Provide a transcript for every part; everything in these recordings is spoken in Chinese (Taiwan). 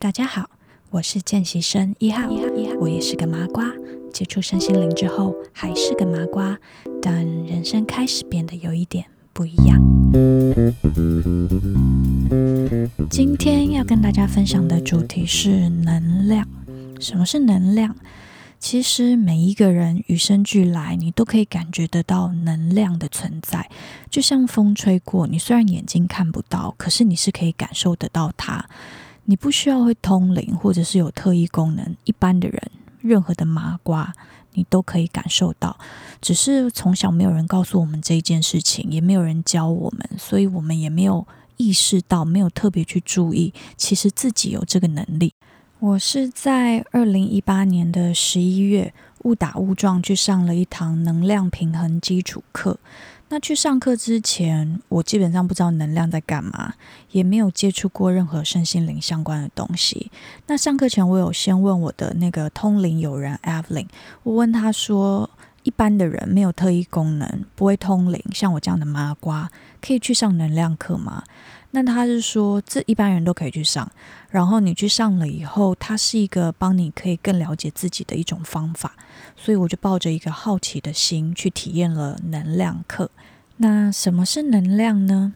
大家好，我是見習生一號，一號，一號。我也是個麻瓜，接觸身心靈之後還是個麻瓜，但人生開始變得有一點不一樣。今天要跟大家分享的主題是能量。什麼是能量？其實每一個人與生俱來，你都可以感覺得到能量的存在，就像風吹過，你雖然眼睛看不到，可是你是可以感受得到它。你不需要會通靈，或者是有特異功能，一般的人，任何的麻瓜，你都可以感受到。只是從小沒有人告訴我們這一件事情，也沒有人教我們，所以我們也沒有意識到，沒有特別去注意，其實自己有這個能力。我是在二零一八年的十一月，誤打誤撞去上了一堂能量平衡基礎課。那去上課之前，我基本上不知道能量在幹嘛，也沒有接觸過任何身心靈相關的東西。那上課前，我有先問我的那個通靈友人 Avelyn，我問他說：“一般的人沒有特異功能，不會通靈，像我這樣的麻瓜，可以去上能量課嗎？”那他是說，這一般人都可以去上，然後你去上了以後，他是一個幫你可以更了解自己的一種方法，所以我就抱着一個好奇的心去體驗了能量課。那什麼是能量呢？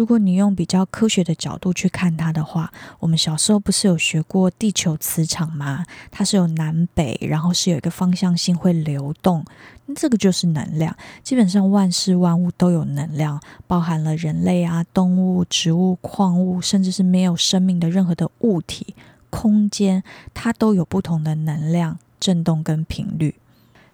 如果你用比較科學的角度去看它的話，我們小時候不是有學過地球磁場嗎？它是有南北，然後是有一個方向性會流動，這個就是能量。基本上萬事萬物都有能量，包含了人類啊、動物、植物、礦物，甚至是沒有生命的任何的物體、空間，它都有不同的能量、震動跟頻率。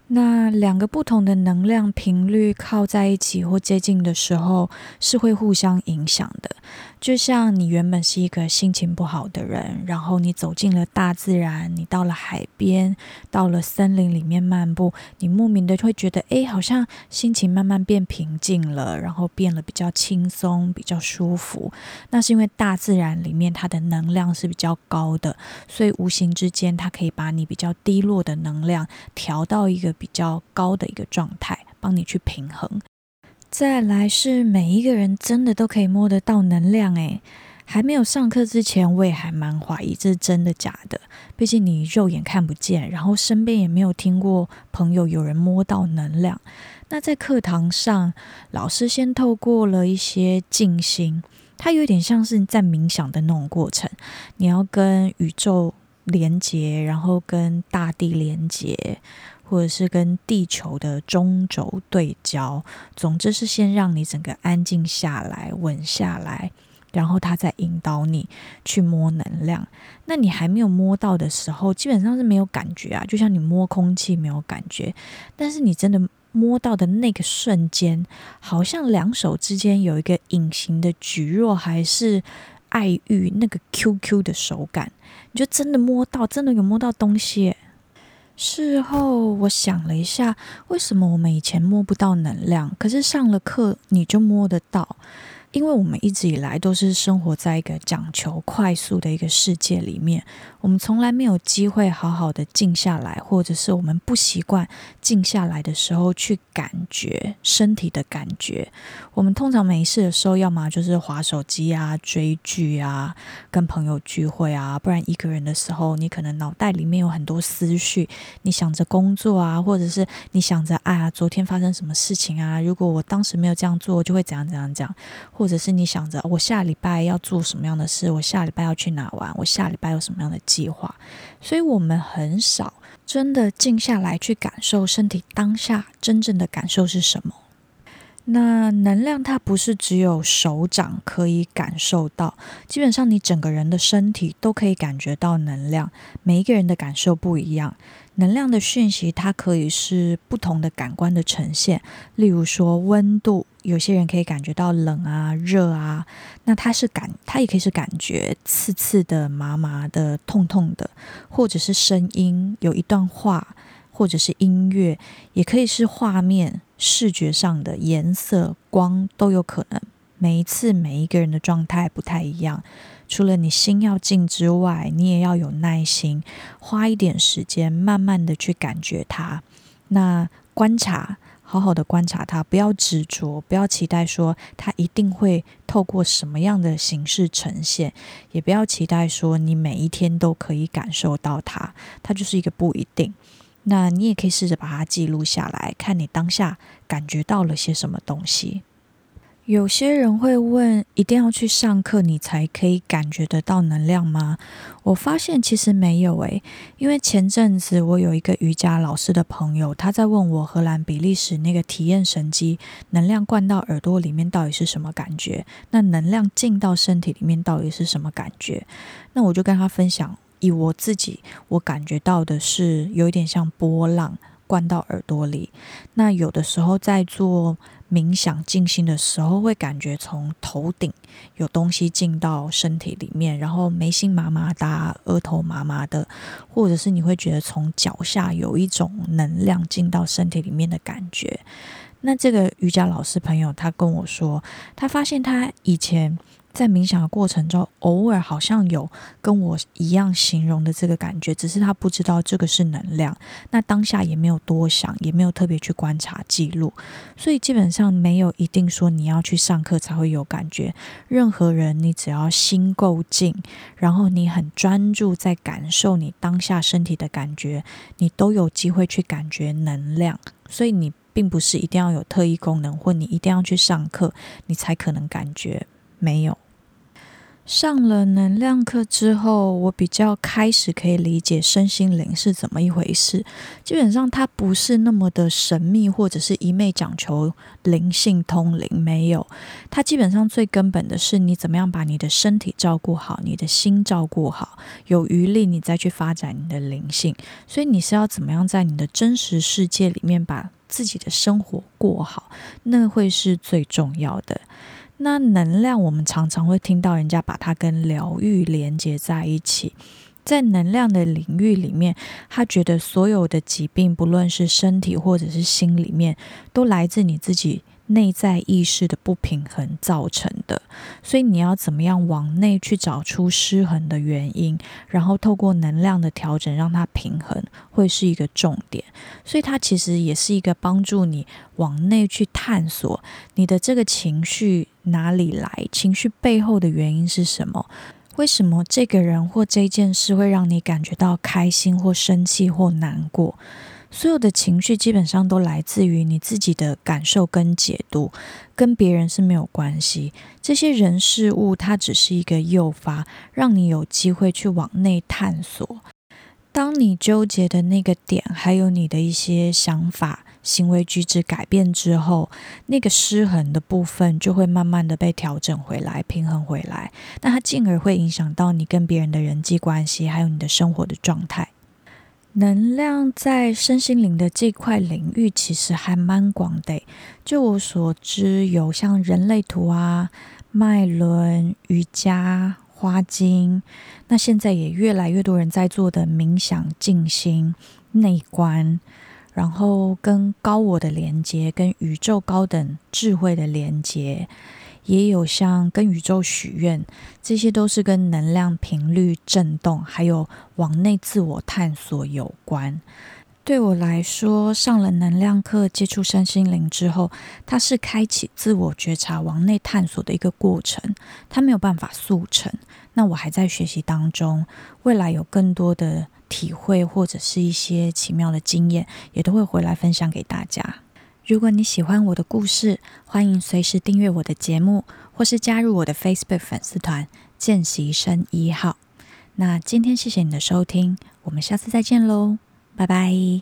那兩個不同的能量頻率靠在一起或接近的時候，是會互相影響的。就像你原本是一個心情不好的人，然後你走進了大自然，你到了海邊，到了森林裡面漫步，你莫名的會覺得，哎，好像心情慢慢變平靜了，然後變得比較輕鬆，比較舒服。那是因為大自然裡面它的能量是比較高的，所以無形之間，它可以把你比較低落的能量調到一個比較高的一個狀態，幫你去平衡。再來是每一個人真的都可以摸得到能量誒，還沒有上課之前，我也還蠻懷疑這是真的假的，畢竟你肉眼看不見，然後身邊也沒有聽過朋友有人摸到能量。那在課堂上，老師先透過了一些靜心，它有點像是在冥想的那種過程，你要跟宇宙連接，然後跟大地連接。或者是跟地球的中軸對焦，總之是先讓你整個安靜下來，穩下來，然後他再引導你去摸能量。那你還沒有摸到的時候，基本上是沒有感覺啊，就像你摸空氣沒有感覺。但是你真的摸到的那個瞬間，好像兩手之間有一個隱形的蒟蒻還是愛玉那個 QQ 的手感，你就真的摸到，真的有摸到東西，欸。事後我想了一下，為什麼我們以前摸不到能量，可是上了課，你就摸得到。因為我們一直以來都是生活在一個講求快速的一個世界裡面，我們從來沒有機會好好的靜下來，或者是我們不習慣靜下來的時候去感覺身體的感覺。我們通常沒事的時候，要麼就是滑手機啊、追劇啊、跟朋友聚會啊，不然一個人的時候，你可能腦袋裡面有很多思緒，你想着工作啊，或者是你想着啊、哎，昨天發生什麼事情啊？如果我當時沒有這樣做，就會怎樣怎樣怎樣，或者是你想着我下禮拜要做什麼樣的事，我下禮拜要去哪玩，我下禮拜有什麼樣的計劃，所以我們很少真的靜下來去感受身體當下真正的感受是什麼。那能量它不是只有手掌可以感受到，基本上你整個人的身體都可以感覺到能量。每一個人的感受不一樣，能量的訊息它可以是不同的感官的呈現，例如說溫度。有些人可以感覺到冷啊、熱啊，那他是感，他也可以是感覺刺刺的、麻麻的、痛痛的，或者是聲音，有一段話，或者是音樂，也可以是畫面，視覺上的顏色、光都有可能。每一次每一個人的狀態不太一樣，除了你心要靜之外，你也要有耐心，花一點時間，慢慢的去感覺它，那觀察。好好的觀察它，不要執着，不要期待說它一定會透過什麼樣的形式呈現，也不要期待說你每一天都可以感受到它，它就是一個不一定。那你也可以試着把它記錄下來，看你當下感覺到了些什麼東西。有些人會問，一定要去上課你才可以感覺得到能量嗎？我發現其實沒有誒、欸，因為前陣子我有一個瑜伽老師的朋友，他在問我荷蘭、比利時那個體驗神蹟，能量灌到耳朵裡面到底是什麼感覺？那能量進到身體裡面到底是什麼感覺？那我就跟他分享，以我自己我感覺到的是有一點像波浪。灌到耳朵裡，那有的時候在做冥想靜心的時候，會感覺從頭頂有東西進到身體裡面，然後眉心麻麻噠，額頭麻麻的，或者是你會覺得從腳下有一種能量進到身體裡面的感覺。那這個瑜伽老師朋友他跟我說，他發現他以前。在冥想的過程中，偶爾好像有跟我一樣形容的這個感覺，只是他不知道這個是能量。那當下也沒有多想，也沒有特別去觀察記錄，所以基本上沒有一定說你要去上課才會有感覺。任何人，你只要心夠靜，然後你很專注在感受你當下身體的感覺，你都有機會去感覺能量。所以你並不是一定要有特異功能，或你一定要去上課，你才可能感覺沒有。上了能量課之後，我比較開始可以理解身心靈是怎麼一回事。基本上它不是那麼的神祕，或者是一味講求靈性通靈，沒有。它基本上最根本的是你怎麼樣把你的身體照顧好，你的心照顧好，有餘力你再去發展你的靈性。所以你是要怎麼樣在你的真實世界裡面把自己的生活過好，那會是最重要的。那能量，我們常常會聽到人家把它跟療癒連接在一起，在能量的領域裡面，他覺得所有的疾病，不論是身體或者是心裡面，都來自你自己。內在意識的不平衡造成的，所以你要怎麼樣往內去找出失衡的原因，然後透過能量的調整讓它平衡，會是一個重點。所以它其實也是一個幫助你往內去探索你的這個情緒哪裡來，情緒背後的原因是什麼，為什麼這個人或這件事會讓你感覺到開心或生氣或難過。所有的情緒基本上都來自於你自己的感受跟解讀，跟別人是沒有關係。這些人事物，它只是一個誘發，讓你有機會去往內探索。當你糾結的那個點，還有你的一些想法、行為舉止改變之後，那個失衡的部分就會慢慢的被調整回來，平衡回來。那它進而會影響到你跟別人的人際關係，還有你的生活的狀態。能量在身心靈的這塊領域其實還蠻廣的。就我所知，有像人類圖啊、脈輪、瑜伽、花精，那現在也越來越多人在做的冥想、靜心、內觀，然後跟高我的連接，跟宇宙高等智慧的連接。也有像跟宇宙許願，這些都是跟能量頻率、振動，還有往內自我探索有關。對我來說，上了能量課，接觸身心靈之後，它是開啟自我覺察、往內探索的一個過程。它沒有辦法速成，那我還在學習當中，未來有更多的體會或者是一些奇妙的經驗，也都會回來分享給大家。如果你喜歡我的故事，歡迎隨時訂閱我的節目，或是加入我的 Facebook 粉絲團“見習生一號”。那今天謝謝你的收聽，我們下次再見嘍，拜拜。